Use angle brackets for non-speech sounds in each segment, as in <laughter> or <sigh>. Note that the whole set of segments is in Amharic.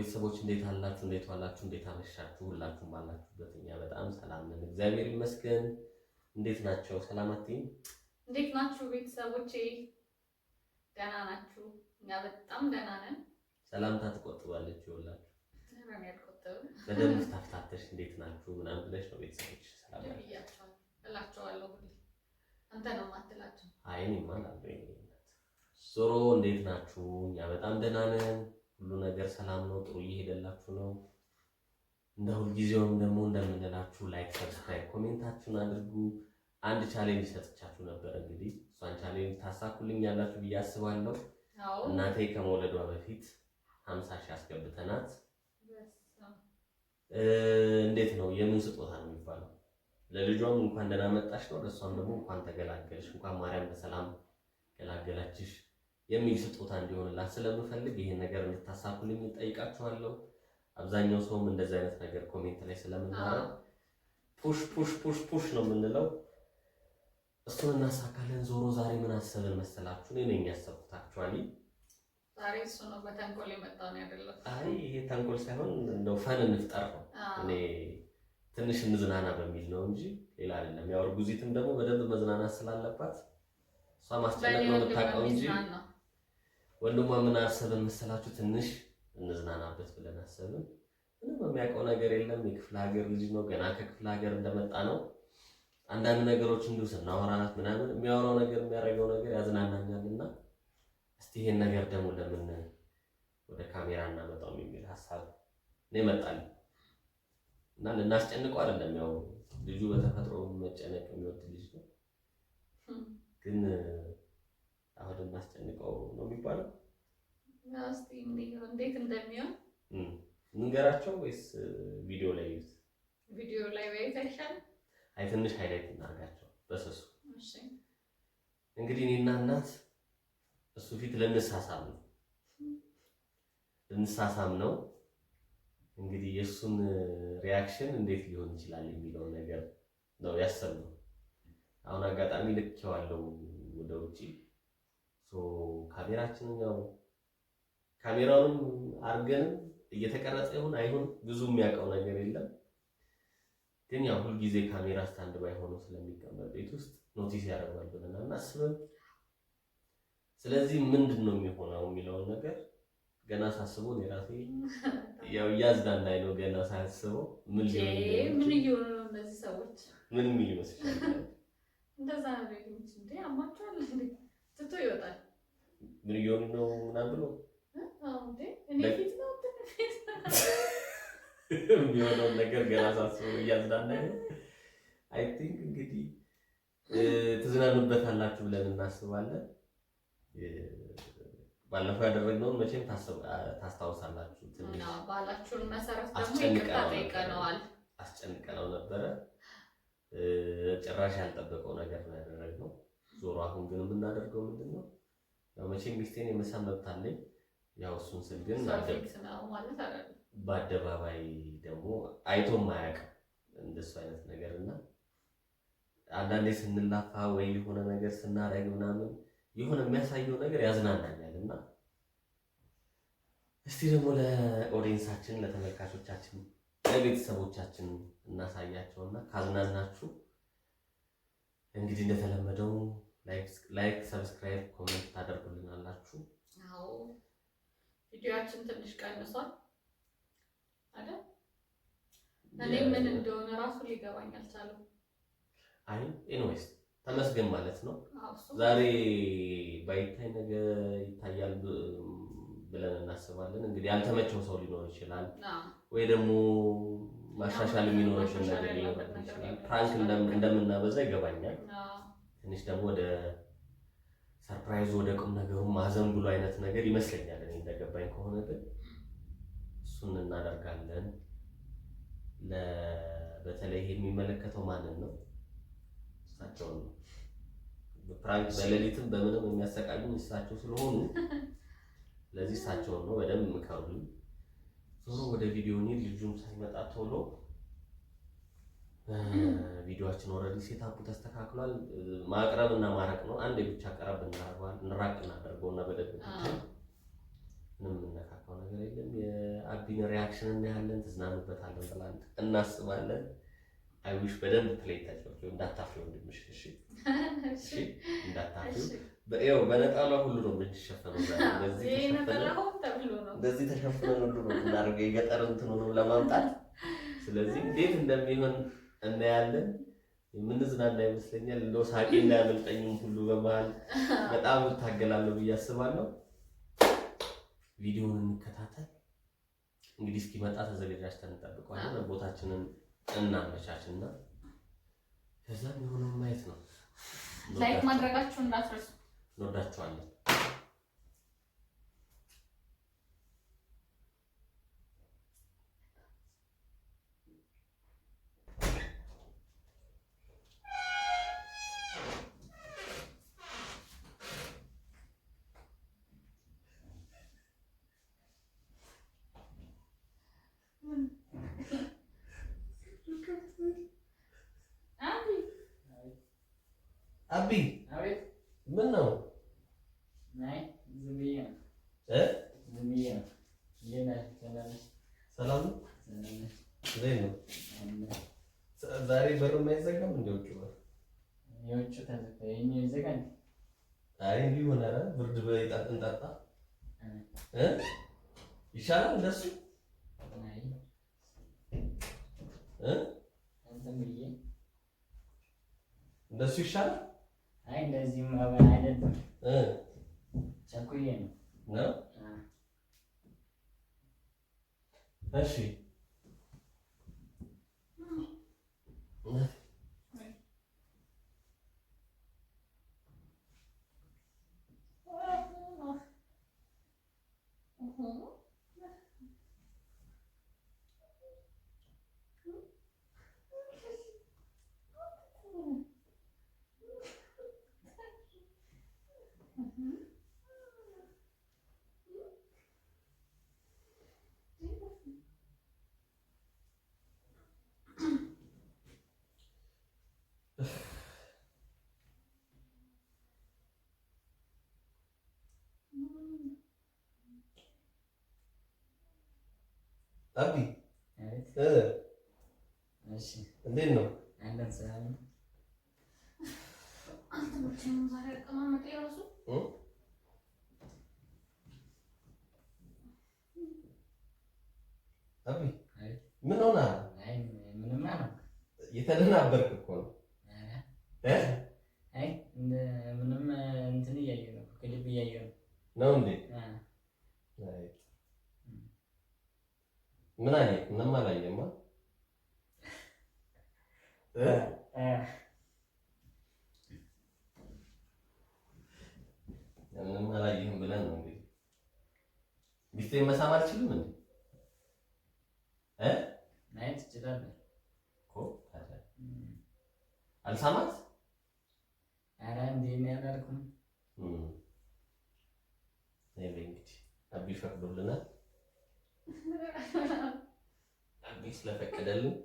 ቤተሰቦች እንዴት አላችሁ? እንዴት ዋላችሁ? እንዴት አመሻችሁ? ሁላችሁም አላችሁበት እኛ በጣም ሰላም ነን፣ እግዚአብሔር ይመስገን። እንዴት ናቸው? ሰላማት እንዴት ናችሁ? ቤተሰቦቼ ደህና ናችሁ? እኛ በጣም ደህና ነን። ሰላምታ ትቆጥባለች። ይኸውላችሁ በደንብ ታፍታተሽ እንዴት ናችሁ ምናምን ብለሽ ነው ቤተሰቦች ሰላም እላቸዋለሁ። አንተ ነው ማትላቸው? አይ እኔማ ዞሮ እንዴት ናችሁ? እኛ በጣም ደህና ነን። ሁሉ ነገር ሰላም ነው፣ ጥሩ እየሄደላችሁ ነው። እንደ ሁልጊዜውም ደግሞ እንደምንላችሁ ላይክ፣ ሰብስክራይብ፣ ኮሜንታችሁን አድርጉ። አንድ ቻሌንጅ ሰጥቻችሁ ነበር። እንግዲህ እሷን ቻሌንጅ ታሳኩልኝ ያላችሁ ብዬ አስባለሁ። እናቴ ከመውለዷ በፊት ሀምሳ ሺህ አስገብተናት እንዴት ነው የምን ስጦታ ነው የሚባለው? ለልጇም እንኳን ደህና መጣሽ ነው፣ ለእሷም ደግሞ እንኳን ተገላገልሽ፣ እንኳን ማርያም በሰላም ገላገላችሽ የሚል ስጦታ እንዲሆንላት ስለምፈልግ ይህን ነገር እንድታሳኩልኝ እጠይቃችኋለሁ። አብዛኛው ሰውም እንደዚህ አይነት ነገር ኮሜንት ላይ ስለምናረግ ፑሽ ፑሽ ፑሽ ፑሽ ነው የምንለው። እሱን እናሳካለን። ዞሮ ዛሬ ምን አሰብን መሰላችሁ? እኔ ነኝ ያሰብኩት አክቹዋሊ ዛሬ እሱ ነው በተንኮል የመጣ ነው አይ ይሄ ተንኮል ሳይሆን እንደው ፈን እንፍጠር ነው። እኔ ትንሽ እንዝናና በሚል ነው እንጂ ሌላ አይደለም። ያው እርጉዚትም ደግሞ በደንብ መዝናናት ስላለባት እሷ ማስጨነቅ ነው የምታውቀው እንጂ ወንድሟ ምን አሰብን መሰላችሁ? ትንሽ እንዝናናበት ብለን አሰብን። ምንም የሚያውቀው ነገር የለም። የክፍለ ሀገር ልጅ ነው። ገና ከክፍለ ሀገር እንደመጣ ነው። አንዳንድ ነገሮች እንዲሁ ስናወራት ምናምን የሚያወራው ነገር የሚያደርገው ነገር ያዝናናኛል እና እስቲ ይሄን ነገር ደግሞ ለምን ወደ ካሜራ እናመጣው የሚል ሀሳብ ነው ይመጣል እና ልናስጨንቀው አይደለም። ያው ልጁ በተፈጥሮ መጨነቅ የሚወድ ልጅ ነው ግን አሁን እናስጨንቀው ነው የሚባለው እና እስቲ እንዴት እንደሚሆን ንገራቸው ወይስ ቪዲዮ ላይ ይዩት? ቪዲዮ ላይ ወይስ አይሻልም? አይ ትንሽ ሃይላይት እናርጋቸው በሰሱ። እሺ እንግዲህ እኔና እናት እሱ ፊት ልንሳሳም ነው ልንሳሳም ነው። እንግዲህ የእሱን ሪያክሽን እንዴት ሊሆን ይችላል የሚለው ነገር ነው ያሰብነው። አሁን አጋጣሚ ልኬዋለሁ ወደ ውጭ ካሜራችንን ያው ካሜራውንም አድርገንም እየተቀረጸ ይሁን አይሁን ብዙ የሚያውቀው ነገር የለም። ግን ያው ሁልጊዜ ካሜራ ስታንድ ባይ ሆኖ ስለሚቀመጥ ቤት ውስጥ ኖቲስ ያደርጋል ብለን አናስብም። ስለዚህ ምንድን ነው የሚሆነው የሚለውን ነገር ገና ሳስበው የራሴ ያው እያዝናናኝ ነው። ገና ሳያስበው ምን ሊሆን ምን እየሆኑ ነው እነዚህ ሰዎች ምን የሚል ይመስላል? እንደዛ ነው ቤት ውስጥ እንዴ አማቸዋል ትቶ ይወጣል። ምን እየሆኑ ነው ምናምን ብሎ የሚሆነውን ነገር ገና ሳስበው እያዝናና ነው። አይ ቲንክ እንግዲህ ትዝናኑበታላችሁ ብለን እናስባለን። ባለፈው ያደረግነውን መቼም ታስታውሳላችሁ። ባላችሁን መሰረት ደግሞ አስጨንቀነው ነበረ። ጭራሽ ያልጠበቀው ነገር ነው ያደረግነው። ዞሮ አሁን ግን የምናደርገው ምንድን ነው? መቼም ሚስቴን የመሳም መብት አለኝ ያው እሱን ስል ግን በአደባባይ ደግሞ አይቶም አያውቅም እንደሱ አይነት ነገር እና አንዳንዴ ስንላፋ ወይ የሆነ ነገር ስናደርግ ምናምን የሆነ የሚያሳየው ነገር ያዝናናኛል እና እስቲ ደግሞ ለኦዲየንሳችን፣ ለተመልካቾቻችን፣ ለቤተሰቦቻችን እናሳያቸው እና ካዝናናችሁ እንግዲህ እንደተለመደው ላይክ፣ ሰብስክራይብ፣ ኮሜንት ታደርጉልናላችሁ። ቪዲዮያችን ትንሽ ቀንሷል አይደል? እኔ ምን እንደሆነ ራሱ ሊገባኝ አልቻለም። አይ ኤኒዌይስ ተመስገን ማለት ነው። ዛሬ ባይታይ ነገ ይታያል ብለን እናስባለን። እንግዲህ ያልተመቸው ሰው ሊኖር ይችላል፣ ወይ ደግሞ ማሻሻል የሚኖረችን ነገር ሊኖር ይችላል። ፕራንክ እንደምናበዛ ይገባኛል። ትንሽ ደግሞ ወደ ሰርፕራይዝ ወደ ቁም ነገሩ ማዘን ብሎ አይነት ነገር ይመስለኛል። እኔ እንደገባኝ ከሆነ ግን እሱን እናደርጋለን። በተለይ የሚመለከተው ማንን ነው? እሳቸውን ነው። ፕራንክ በሌሊትም በምንም የሚያሰቃዩኝ እሳቸው ስለሆኑ <laughs> ለዚህ እሳቸውን ነው በደንብ የምከሩኝ። ዞሮ ወደ ቪዲዮ ልጁም ሳይመጣ ቶሎ ቪዲዮችን ኦልሬዲ ሴታፑ ተስተካክሏል። ማቅረብ እና ማረቅ ነው። አንድ ብቻ ቀረብ እናደርገዋል እንራቅ እናደርገው እና በደንብ ምንም የምነካካው ነገር የለም። የአቢን ሪያክሽን እናያለን፣ ትዝናኑበታለን ብለን እናስባለን። አይ በደንብ ፕሌይ ታጭበ እንዳታፍሪው ወንድምሽ። እሺ እሺ፣ እንዳታፍሪው በእው በነጠላ ሁሉ ነው የምትሸፈነው። እንደዚህ ተሸፍነን ሁሉ ነው የምናደርገው የገጠር እንትኑ ነው ለማምጣት ስለዚህ እንዴት እንደሚሆን እናያለን። የምንዝናና ይመስለኛል። እንደው ሳቄ እንዳያመልጠኝም ሁሉ በመሀል በጣም እታገላለሁ ብዬ አስባለሁ። ቪዲዮውን እንከታተል እንግዲህ እስኪመጣ ተዘጋጅተን እንጠብቀዋለን። ቦታችንን እናመቻችና ከዛም የሆነውን ማየት ነው። ላይክ ማድረጋችሁ እንዳትረሱ። እንወዳችኋለን። ይሻላል እንደሱ እንደሱ ይሻላል። አይ እንደዚህ ማበላ አይደለም እ ቸኩዬ ነው ነው። እሺ home mm-hmm. አቢ እንዴት ነው? አቢ ምን ሆነሃል? የተደናበርክ እኮ ነው። ምንም እንትን እያየሁ ነው፣ ክሊፕ እያየሁ ነው። ነው እንዴ? ምን አየህ? ምንም አላየህማ። ምንም አላየህም ብለን ነው እንግዲህ። ሚስቴን መሳም አልችልም እንዴ? ማየት ትችላለህ እኮ አልሳማት። ኧረ እንዴት ነው ያላልኩም? እንግዲህ አቢ ፈቅዶልናል ስለፈቀደልን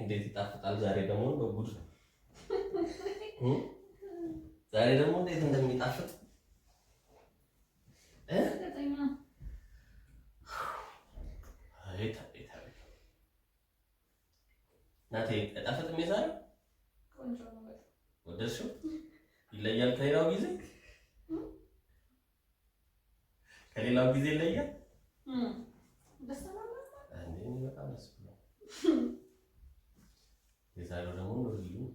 እንዴት ይጣፍጣል! ዛሬ ደግሞ ጉድ! ዛሬ ደግሞ እንዴት እንደሚጣፍጥ ናቴ ጠጣፈጥ ሜዛሪ ቆንጆ ነው። ይለያል ከሌላው ጊዜ ከሌላው ጊዜ ይለያል። በጣም ደስ የዛሬው <laughs> ደግሞ ልዩ ነው።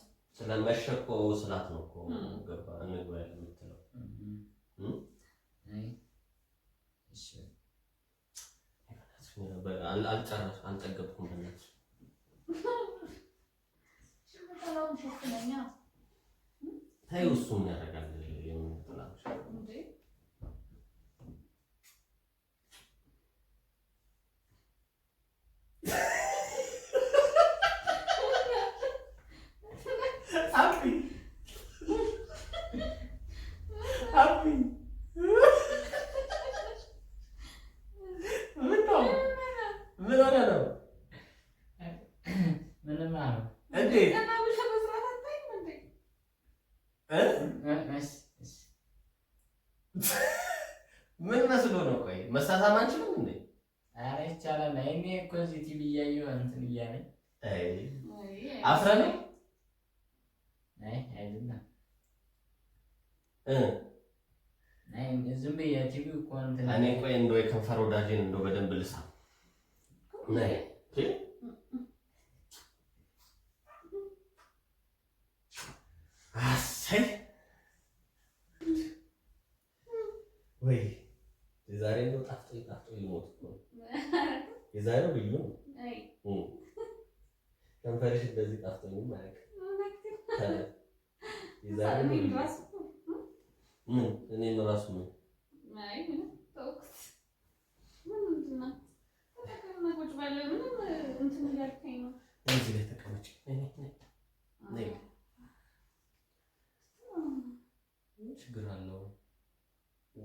ስለመሸኮ ስላት ነው እኮ ገባ እንግባ የምትለው አልጨረስ አልጠገብኩም። በእናትሽ <laughs> ተይው እሱ የሚያደርግ ምን መስሎ ነው? ቆይ መሳሳም አንችልም እንዴ? ኧረ ይቻላል። እኔ እኮ እዚህ ቲቪ እያየሁ እንትን እያለኝ አፍረን ዝም ብዬ ቲቪው እኮ እንትን እኔ ቆይ እንደው የከንፈር ወዳጄን እንደው በደንብ ልሳ አሰይ ወይ የዛሬ ነው ጣፍጦኝ ጣፍጦኝ ልሞት ነው። የዛሬው ልዩ ነው። ከንፈርሽ እንደዚህ ጣፍጦኝም አያውቅም። እኔም ራሱ ነው ችግር አለ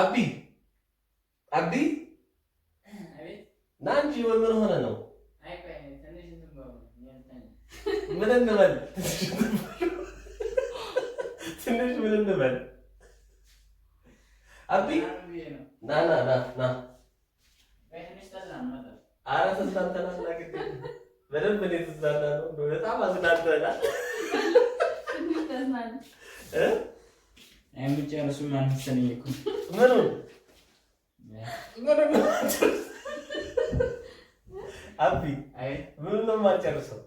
አቢ አቢ ና ምን ሆነ ነው? የምጨርሱም አልመሰለኝ እኮ ምኑን ነው የማልጨርሰው?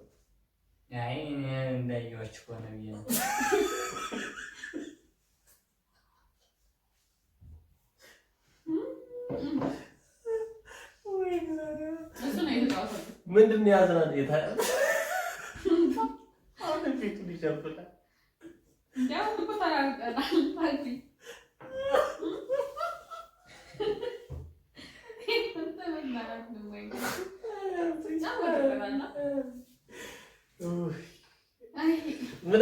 አይ እንዳየኋችሁ ከሆነ ብዬሽ ነው። ምንድን ነው ያዝናል? ምን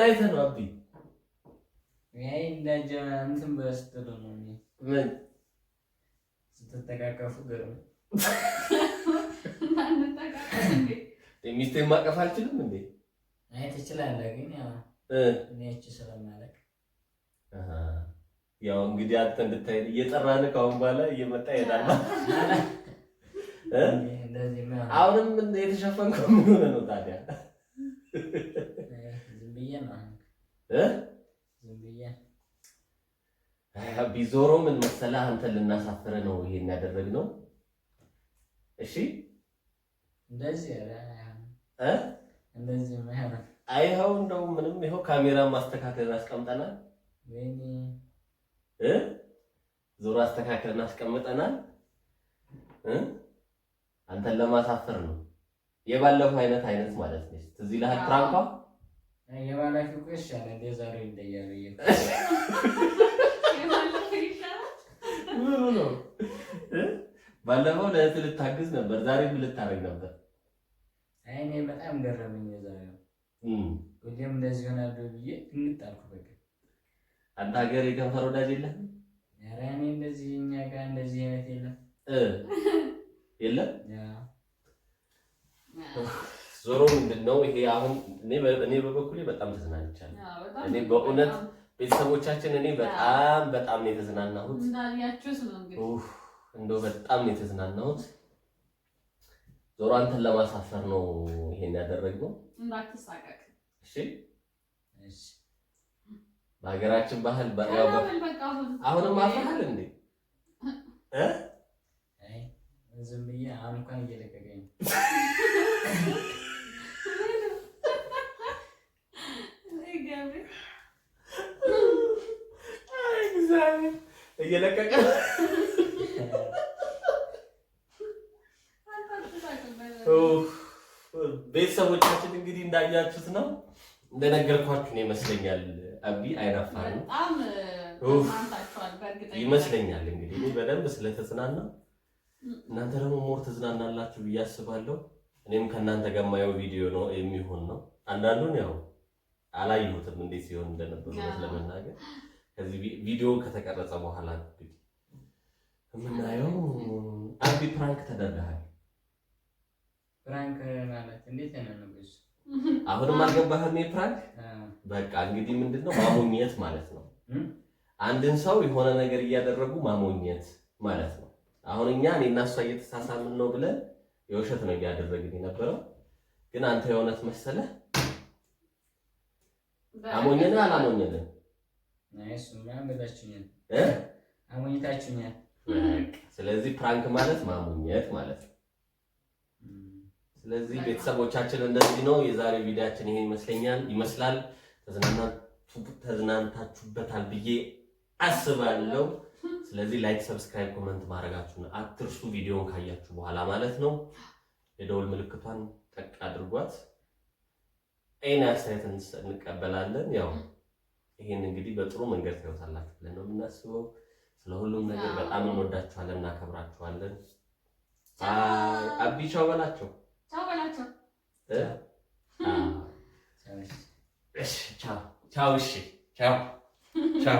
አይተህ ነው? አቢ እንትን በስትል ነው ምን ስትተቃቀፉ ገርም ሚስቴን ማቀፍ አልችልም እንዴ? አይ ትችላለህ ግን እኔች ስለማለቅ ያው እንግዲህ አንተ እንድታይ እየጠራን ከአሁን በኋላ እየመጣ ይሄዳል። አሁንም የተሸፈንከው ምን ሆነ ነው ታዲያ? ቢዞሮ ምን መሰለህ አንተ ልናሳፍረ ነው ይሄን ያደረግነው። እሺ እንደዚህ ኧረ እንደዚህ አይኸው እንደው ምንም ይኸው ካሜራ ማስተካከልን አስቀምጠናል። እ ዞሮ አስተካከልን አስቀምጠናል። አንተን ለማሳፈር ነው። የባለፈው አይነት አይነት ማለት ነው። እዚህ ለሀል ፕራንኳ የባለፈው እሺ አለ እንደ ዛሬው እንደያለ ምኑ ነው? ባለፈው ለእህት ልታግዝ ነበር፣ ዛሬም ልታረግ ነበር። አይ እኔ በጣም ገረመኝ ዛሬ ሁሌም እንደዚህ ሆናለሁ ብዬ እንጣልኩ። በቃ አንተ ሀገር የከንፈር ወዳጅ የለም። ኧረ እኔ እንደዚህ እኛ ጋር እንደዚህ አይነት የለም የለም። ዞሮ ምንድን ነው ይሄ አሁን እኔ በበኩሌ በጣም ተዝናንቻለሁ። እኔ በእውነት ቤተሰቦቻችን እኔ በጣም በጣም ነው የተዝናናሁት። እንደው በጣም ነው የተዝናናሁት። ዞሮ አንተን ለማሳፈር ነው ይሄን ያደረግነው። እንዳትሳቀቅ እሺ። በሀገራችን ባህል አሁንም አፍርሃል እንዴ? <laughs> ዝም ብዬ እንኳን እየለቀቀኝ <laughs> እግዚአብሔር እየለቀቀ ቤተሰቦቻችን እንግዲህ እንዳያችሁት ነው እንደነገርኳችሁ ይመስለኛል። አቢ አይናፋል ይመስለኛል። እንግዲህ እኔ በደንብ ስለተዝናና እናንተ ደግሞ ሞር ትዝናናላችሁ ብዬ አስባለሁ። እኔም ከእናንተ ጋር የማየው ቪዲዮ ነው የሚሆን ነው። አንዳንዱን ያው አላየሁትም እንዴት ሲሆን እንደነበረ ለመናገር ከዚህ ቪዲዮ ከተቀረጸ በኋላ የምናየው አቢ ፕራንክ ተደርገሃል ፕራንክ ማለት እንዴት አሁንም አልገባህም? ፕራንክ በቃ እንግዲህ ምንድነው ማሞኘት ማለት ነው። አንድን ሰው የሆነ ነገር እያደረጉ ማሞኘት ማለት ነው። አሁን እኛ እኔ እና እሷ እየተሳሳምን ነው ብለን የውሸት ነው እያደረግን የነበረው፣ ግን አንተ የእውነት መሰለህ። አሞኘን አላሞኘንም? አሞኝታችሁኛል። ስለዚህ ፕራንክ ማለት ማሞኘት ማለት ነው። ስለዚህ ቤተሰቦቻችን እንደዚህ ነው። የዛሬ ቪዲያችን ይሄ ይመስለኛል ይመስላል። ተዝናንታችሁበታል ብዬ አስባለሁ። ስለዚህ ላይክ፣ ሰብስክራይብ፣ ኮመንት ማድረጋችሁን አትርሱ። ቪዲዮን ካያችሁ በኋላ ማለት ነው። የደውል ምልክቷን ጠቅ አድርጓት። ይህን አስተያየት እንቀበላለን። ያው ይህን እንግዲህ በጥሩ መንገድ ታዩታላችሁ ብለን ነው የምናስበው። ስለሁሉም ነገር በጣም እንወዳችኋለን፣ እናከብራችኋለን። አቢቻው በላቸው። ቻው በላቸው። ቻው ቻው ቻው ቻው